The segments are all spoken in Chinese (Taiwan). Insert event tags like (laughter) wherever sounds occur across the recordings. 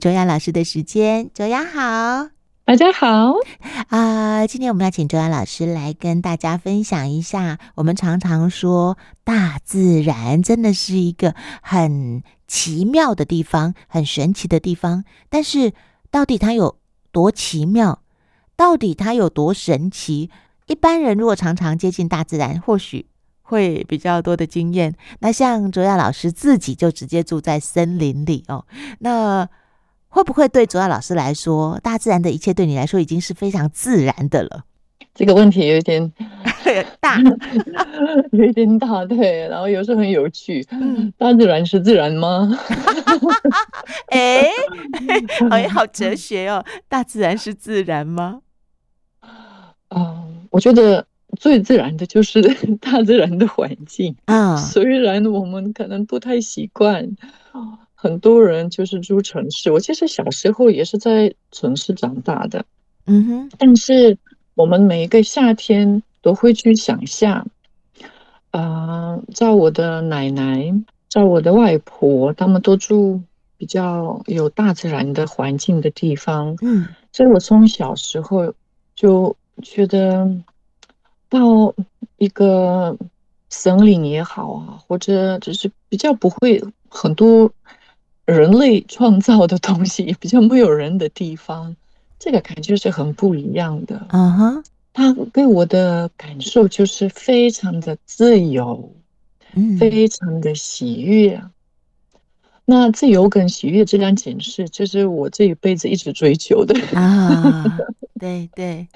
卓雅老師的時間，卓雅好，大家好啊！呃，今天我們要請卓雅老師來跟大家分享一下。我們常常說，大自然真的是一個很奇妙的地方，很神奇的地方。但是，到底它有多奇妙？到底它有多神奇？一般人如果常常接近大自然，或許會比較多的經驗。那像卓雅老師自己就直接住在森林裡哦。那會不會對卓雅老師來說，大自然的一切對你來說已經是非常自然的了？這個問題有點 (laughs) 大， (laughs) 有點大，對，然後有時候很有趣。大自然是自然嗎？哎 (laughs) 哎、 (laughs) 欸， (laughs) 好，好哲學哦！大自然是自然嗎？啊、 (laughs) 嗯，我覺得最自然的就是大自然的環境啊、嗯，雖然我們可能不太習慣。很多人就是住城市。我其實小時候也是在城市長大的，嗯哼。但是我們每一個夏天都會去想象，啊、呃，在我的奶奶，在我的外婆，他們都住比較有大自然的環境的地方。嗯，所以我從小時候就覺得，到一個森林也好啊，或者就是比較不會很多。人類創造的東西，比較沒有人的地方，這個感覺是很不一樣的。嗯哼，它給我的感受就是非常的自由，uh -huh. 非常的喜悅。那自由跟喜悅這兩件事，就是我這一輩子一直追求的。啊、 (laughs) uh -huh.，對對，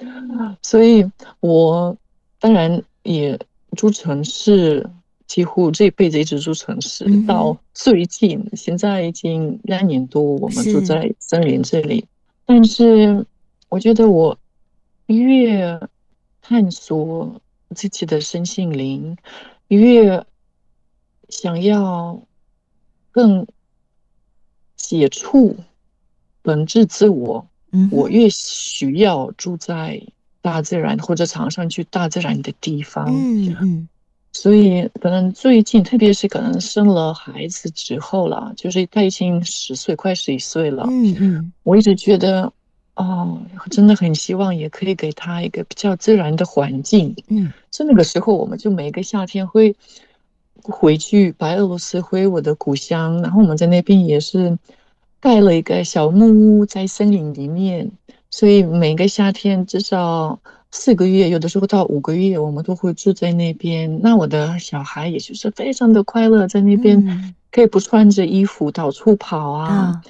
所以我當然也住城市。幾乎這輩子一直住城市，嗯、到最近現在已經兩年多，我們住在森林這裡。但是我覺得我越探索自己的身心靈，越想要更接觸本質自我，嗯，我越需要住在大自然或者常上去大自然的地方。嗯 (laughs) 所以可能最近，特別是可能生了孩子之後了，就是他已經十歲，快十一歲了。我一直覺得，哦，真的很希望也可以給他一個比較自然的環境。嗯，所以那個時候，我們就每個夏天會回去白俄羅斯，回我的故鄉，然後我們在那邊也是蓋了一個小木屋在森林裡面，所以每個夏天至少。四個月，有的時候到五個月，我們都會住在那邊。那我的小孩也就是非常的快樂，在那邊可以不穿着衣服到處跑啊，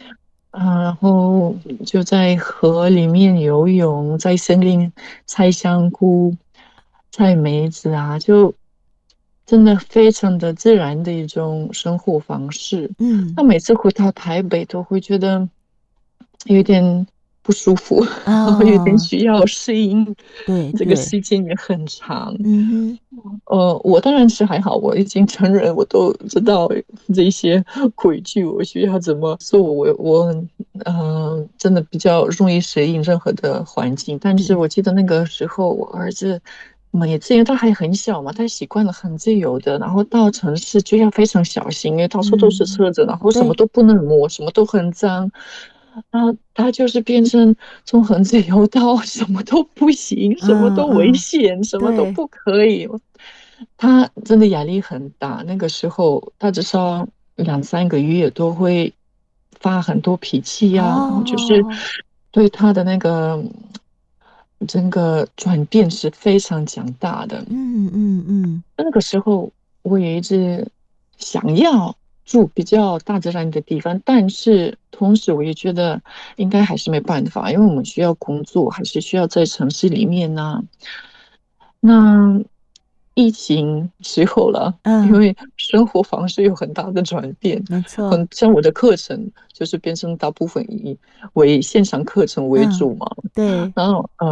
嗯、啊，然後就在河裡面游泳，在森林採香菇、摘梅子啊，就真的非常的自然的一種生活方式。嗯，那每次回到台北，都會覺得有點不舒服，oh, 然後有點需要適應。這個時間也很長。嗯、mm -hmm.，呃，我當然是還好，我已經成人，我都知道這些規矩。我需要怎麼做。我我嗯、呃，真的比較容易適應任何的環境。Mm -hmm. 但是我記得那個時候，我兒子嘛也自由，他還很小嘛，他習慣了很自由的，然後到城市就要非常小心，因為到處都是車子，mm -hmm. 然後什麼都不能摸、mm -hmm. mm -hmm. 哎，什麼都很髒。他他就是變成從很自由，到什麼都不行，嗯、什麼都危險、嗯，什麼都不可以。他真的壓力很大。那個時候，他至少兩三個月都會發很多脾氣呀、啊哦，就是對他的那個整個轉變是非常強大的。嗯嗯嗯，那個時候我也一直想要。住比較大自然的地方，但是同時我也覺得應該還是沒辦法，因為我們需要工作，還是需要在城市裡面呢、啊。那疫情之後了、嗯，因為生活方式有很大的轉變，沒錯，像我的課程就是變成大部分以為線上課程為主嘛，嗯、對，然後嗯、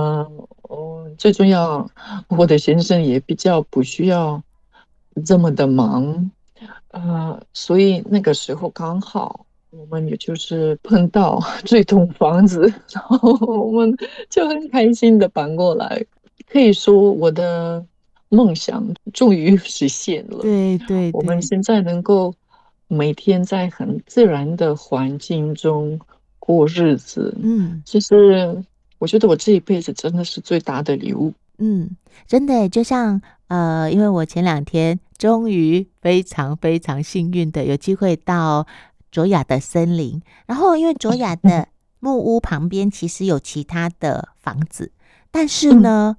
呃，最重要，我的先生也比較不需要這麼的忙。呃，所以那個時候剛好，我們也就是碰到這棟房子，然後我們就很開心的搬過來。可以說我的夢想終於實現了。對對，對，我們現在能夠每天在很自然的環境中過日子，嗯，其、就是我覺得我這一輩子真的是最大的禮物。嗯，真的，就像呃，因為我前兩天。終於非常非常幸運的有機會到卓雅的森林，然後因為卓雅的木屋旁邊其實有其他的房子，但是呢，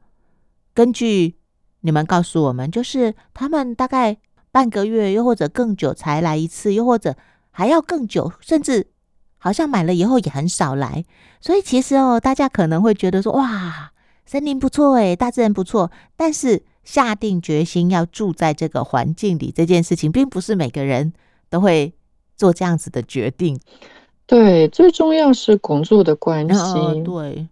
根據你們告訴我們，就是他們大概半個月又或者更久才來一次，又或者還要更久，甚至好像買了以後也很少來，所以其實哦，大家可能會覺得說，哇，森林不錯誒，大自然不錯，但是。下定決心要住在這個環境裡這件事情，並不是每個人都會做這樣子的決定。對，最重要是工作的關係。Oh, 對。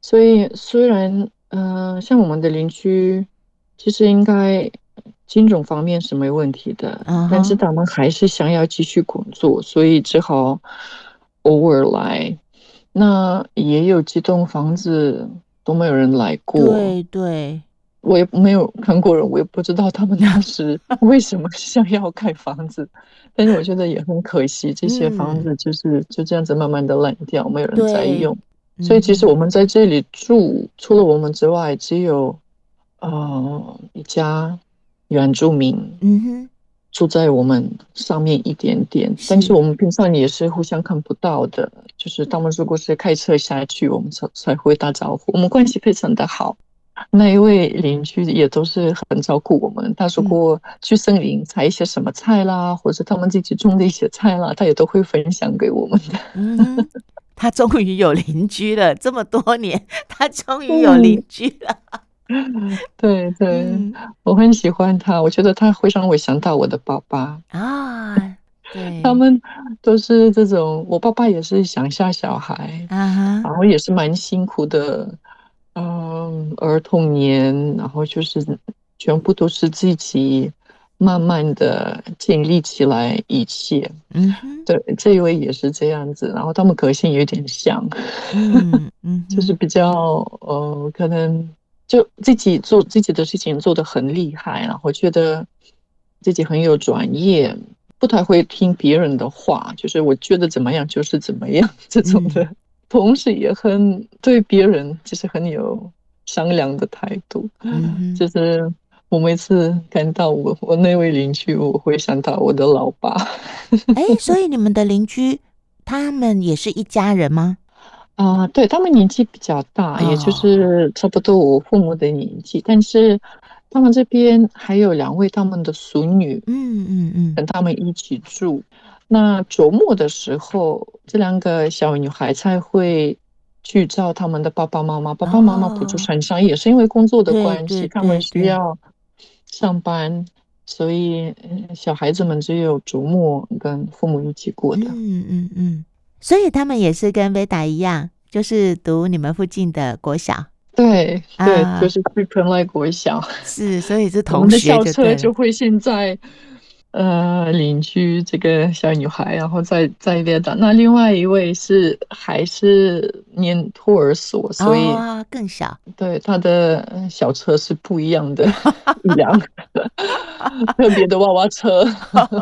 所以雖然，嗯、呃，像我們的鄰居，其實應該金融方面是沒問題的，Uh-huh. 但是他們還是想要繼續工作，所以只好偶爾來。那也有幾棟房子都沒有人來過。對對。我也沒有看過人，我也不知道他們當時為什麼想要蓋房子， (laughs) 但是我覺得也很可惜，這些房子就是、嗯、就這樣子慢慢的爛掉，沒有人在用。所以其實我們在這裡住，嗯、除了我們之外，只有啊、呃、一家原住民，嗯哼，住在我們上面一點點、嗯，但是我們平常也是互相看不到的。是就是他們如果是開車下去，我們才才會打招呼，我們關係非常的好。那一位鄰居也都是很照顧我們。他說過去森林採一些什麼菜啦、嗯，或者他們自己種的一些菜啦，他也都會分享給我們的。嗯、他終於有鄰居了， (laughs) 這麼多年，他終於有鄰居了。嗯、對對、嗯，我很喜歡他，我覺得他會讓我想到我的爸爸啊。對， (laughs) 他們都是這種，我爸爸也是鄉下小孩，啊、然後也是蠻辛苦的。嗯、um,，兒童年，然後就是全部都是自己慢慢的建立起來一切。嗯、mm -hmm.，對，這一位也是這樣子，然後他們個性有點像，嗯嗯，就是比較呃，可能就自己做自己的事情做得很厲害，然後覺得自己很有專業，不太會聽別人的話，就是我覺得怎麼樣就是怎麼樣這種的、mm。-hmm. 同時也很對別人，就是很有商量的態度。嗯、mm -hmm.，就是我每次看到我我那位鄰居，我會想到我的老爸。 (laughs) 欸、所以你們的鄰居他們也是一家人嗎？啊、呃，對，他們年紀比較大，oh. 也就是差不多我父母的年紀。但是他們這邊還有兩位他們的孫女，嗯嗯嗯，跟他們一起住。Mm -hmm. 嗯嗯嗯那周末的時候，這兩個小女孩才會去找他們的爸爸媽媽。爸爸媽媽不住山上，也是因為工作的關係、哦，他們需要上班，所以小孩子們只有周末跟父母一起過的。嗯嗯嗯，所以他們也是跟維達一樣，就是讀你們附近的國小。對對、啊，就是去蓬萊國小。是，所以是同學就對。我們的校車就會現在。呃，鄰居這個小女孩，然後在在一邊的那，另外一位是還是念托兒所，所以、oh, 啊、更小，對，他的小車是不一樣的，兩特別的娃娃車。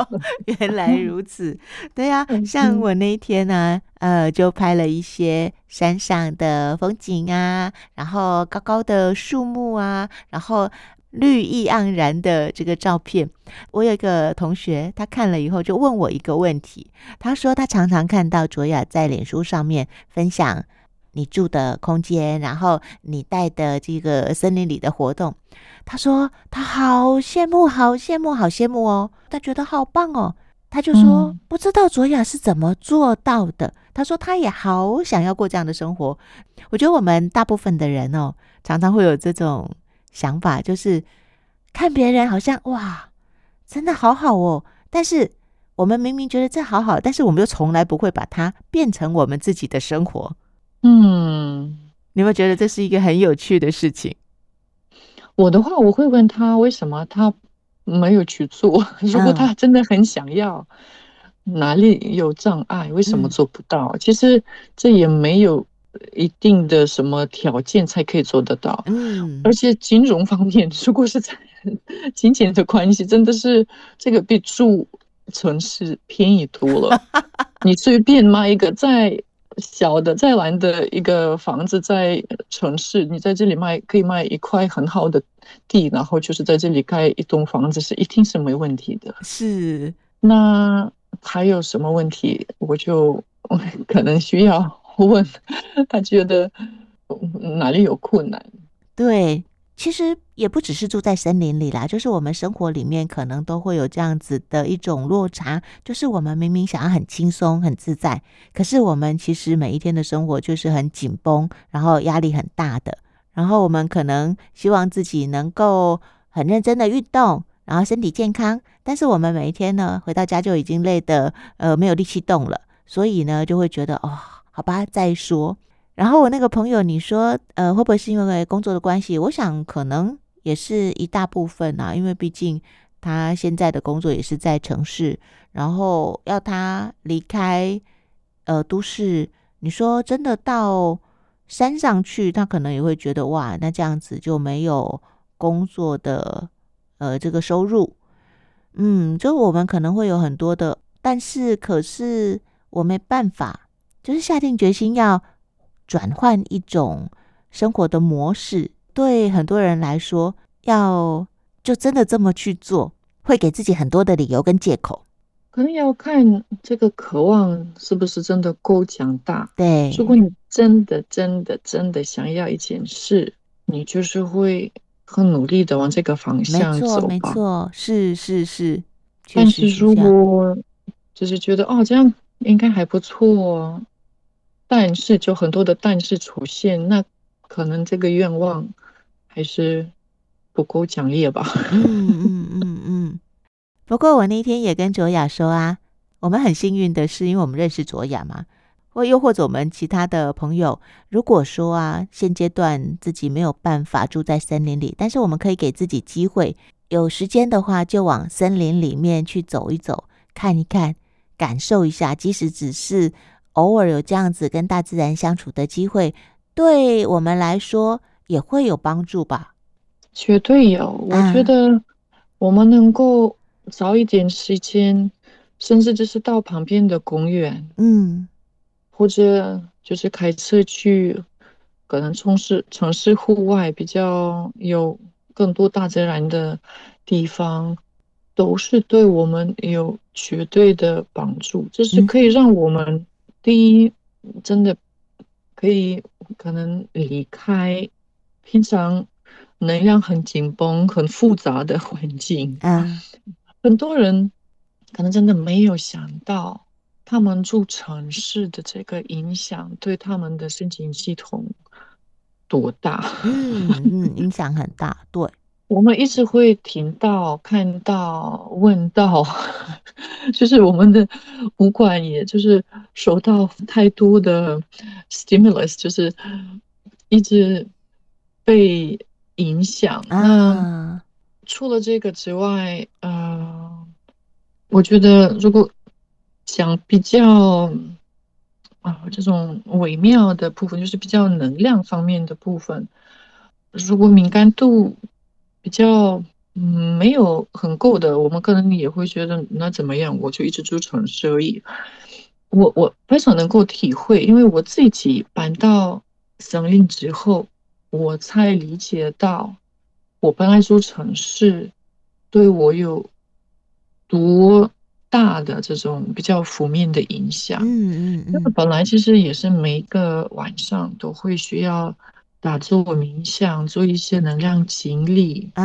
(laughs) 一樣 (laughs) (laughs) (laughs) (laughs) oh, 原來如此， (laughs) 對呀、啊，像我那天呢、啊，呃，就拍了一些山上的風景啊，然後高高的樹木啊，然後。綠意盎然的這個照片，我有一個同學，他看了以後就問我一個問題。他說他常常看到卓雅在臉書上面分享你住的空間，然後你帶的這個森林裡的活動。他說他好羨慕，好羨慕，好羨慕哦。他覺得好棒哦。他就說，嗯，不知道卓雅是怎麼做到的。他說他也好想要過這樣的生活。我覺得我們大部分的人哦，常常會有這種。想法就是看別人好像哇，真的好好哦。但是我們明明覺得這好好，但是我們又從來不會把它變成我們自己的生活。嗯，你有沒有覺得這是一個很有趣的事情？我的話，我會問他為什麼他沒有去做。 (laughs) 如果他真的很想要，嗯、哪裡有障礙？為什麼做不到？嗯、其實這也沒有。一定的什麼條件才可以做得到？嗯，而且金融方面，如果是在金錢的關係，真的是這個比住城市便宜多了。你隨便賣一個再小的、再爛的一個房子，在城市，你在這裡賣可以賣一塊很好的地，然後就是在這裡蓋一棟房子，是一定是沒問題的。是，那還有什麼問題？我就可能需要。問他覺得哪裡有困難？對，其實也不只是住在森林裡啦，就是我們生活裡面可能都會有這樣子的一種落差，就是我們明明想要很輕鬆、很自在，可是我們其實每一天的生活就是很緊繃，然後壓力很大的，然後我們可能希望自己能夠很認真的運動，然後身體健康，但是我們每一天呢，回到家就已經累得，呃，沒有力氣動了，所以呢，就會覺得哦。好吧，再說。然後我那個朋友，你說，呃，會不會是因為工作的關係？我想，可能也是一大部分啊，因為畢竟他現在的工作也是在城市，然後要他離開呃都市，你說真的到山上去，他可能也會覺得哇，那這樣子就沒有工作的呃這個收入。嗯，就我們可能會有很多的，但是可是我沒辦法。就是下定決心要轉換一種生活的模式。對很多人來說，要就真的這麼去做，會給自己很多的理由跟借口。可能要看這個渴望是不是真的夠強大。對，如果你真的、真的、真的想要一件事，你就是會很努力的往這個方向走。沒錯，沒錯，是是是，是。但是如果就是覺得哦，這樣。應該還不錯哦，但是就很多的但是出現，那可能這個願望還是不夠強烈吧。嗯嗯嗯嗯。不過我那天也跟卓雅說啊，我們很幸運的是，因為我們認識卓雅嘛，或又或者我們其他的朋友，如果說啊，現階段自己沒有辦法住在森林裡，但是我們可以給自己機會，有時間的話就往森林裡面去走一走，看一看。感受一下，即使只是偶爾有這樣子跟大自然相處的機會，對我們來說也會有幫助吧？絕對有，嗯、我覺得我們能夠找一點時間，甚至就是到旁邊的公園，嗯，或者就是開車去，可能城市城市戶外比較有更多大自然的地方。都是對我們有絕對的幫助，就是可以讓我們第一、嗯、真的可以可能離開平常能量很緊繃、很複雜的環境。啊、嗯，很多人可能真的沒有想到，他們住城市的這個影響對他們的神經系統多大？嗯嗯，影響很大，對。我們一直會聽到、看到、聞到。呵呵，就是我們的五官，也就是受到太多的 stimulus，就是一直被影響。那除了這個之外，嗯、呃，我覺得如果想比較啊這種微妙的部分，就是比較能量方面的部分，如果敏感度。比較嗯，沒有很夠的，我們個人也會覺得那怎麼樣，我就一直住城市而已。我我非常能夠體會，因為我自己搬到森林之後，我才理解到我本來住城市對我有多大的這種比較負面的影響。嗯嗯那麼、嗯、本來其實也是每個晚上都會需要。打坐、冥想，做一些能量整理。啊、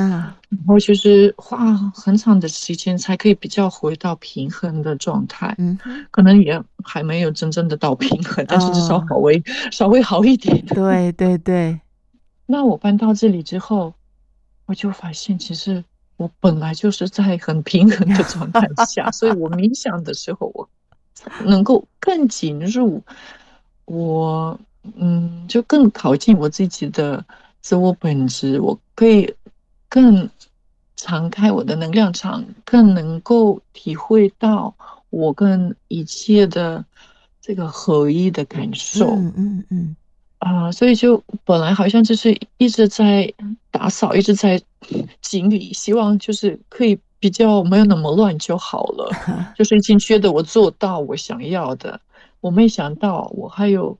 嗯，然後就是花很長的時間才可以比較回到平衡的狀態。嗯，可能也還沒有真正的到平衡，嗯、但是至少稍微、哦、稍微好一點。對對對，那我搬到這裡之後，我就發現其實我本來就是在很平衡的狀態下， (laughs) 所以我冥想的時候，我能夠更進入我。嗯，就更靠近我自己的自我本質，我可以更敞開我的能量場，更能夠體會到我跟一切的這個合一的感受。嗯嗯嗯，啊、嗯呃，所以就本來好像就是一直在打掃，一直在整理，希望就是可以比較沒有那麼亂就好了。就是已經覺得我做到我想要的，我沒想到我還有。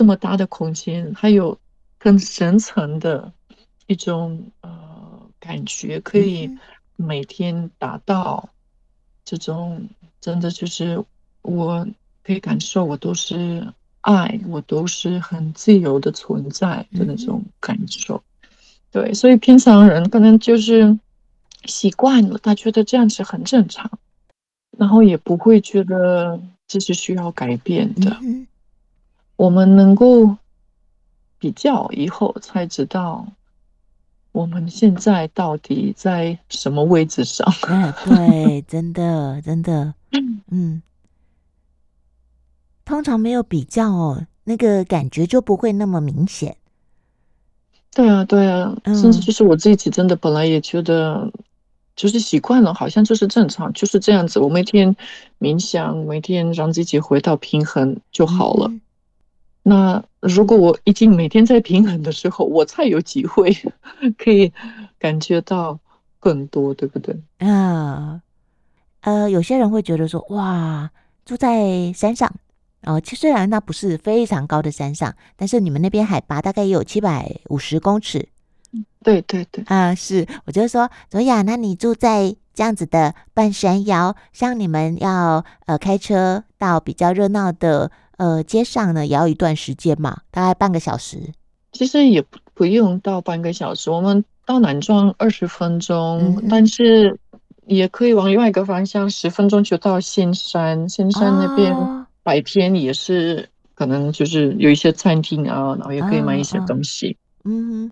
這麼大的空間，還有更深層的一種呃感覺，可以每天達到這種真的就是我可以感受，我都是愛，我都是很自由的存在的那種感受。Mm -hmm. 對，所以平常人可能就是習慣了，他覺得這樣子很正常，然後也不會覺得這是需要改變的。Mm -hmm. 我們能夠比較以後才知道，我們現在到底在什麼位置上？ (laughs) 對，真的，真的，嗯 (laughs) 嗯，通常沒有比較哦，那個感覺就不會那麼明顯。對啊，對啊，嗯、甚至就是我自己，真的本來也覺得，就是習慣了，好像就是正常，就是這樣子。我每天冥想，每天讓自己回到平衡就好了。嗯。那如果我已經每天在平衡的時候，我才有機會可以感覺到更多，對不對？啊、呃，呃，有些人會覺得說，哇，住在山上，哦、呃，其實雖然那不是非常高的山上，但是你們那邊海拔大概也有七百五十公尺，嗯。對對對。啊、呃，是，我就是說，卓雅，那你住在這樣子的半山腰，像你們要呃開車到比較熱鬧的。呃，街上呢也要一段時間嘛，大概半個小時。其實也不不用到半個小時，我們到南莊二十分鐘、嗯嗯，但是也可以往另外一個方向，十分鐘就到仙山。仙山那邊白、哦、天也是，可能就是有一些餐廳啊，然後也可以買一些東西。嗯哼、嗯。嗯嗯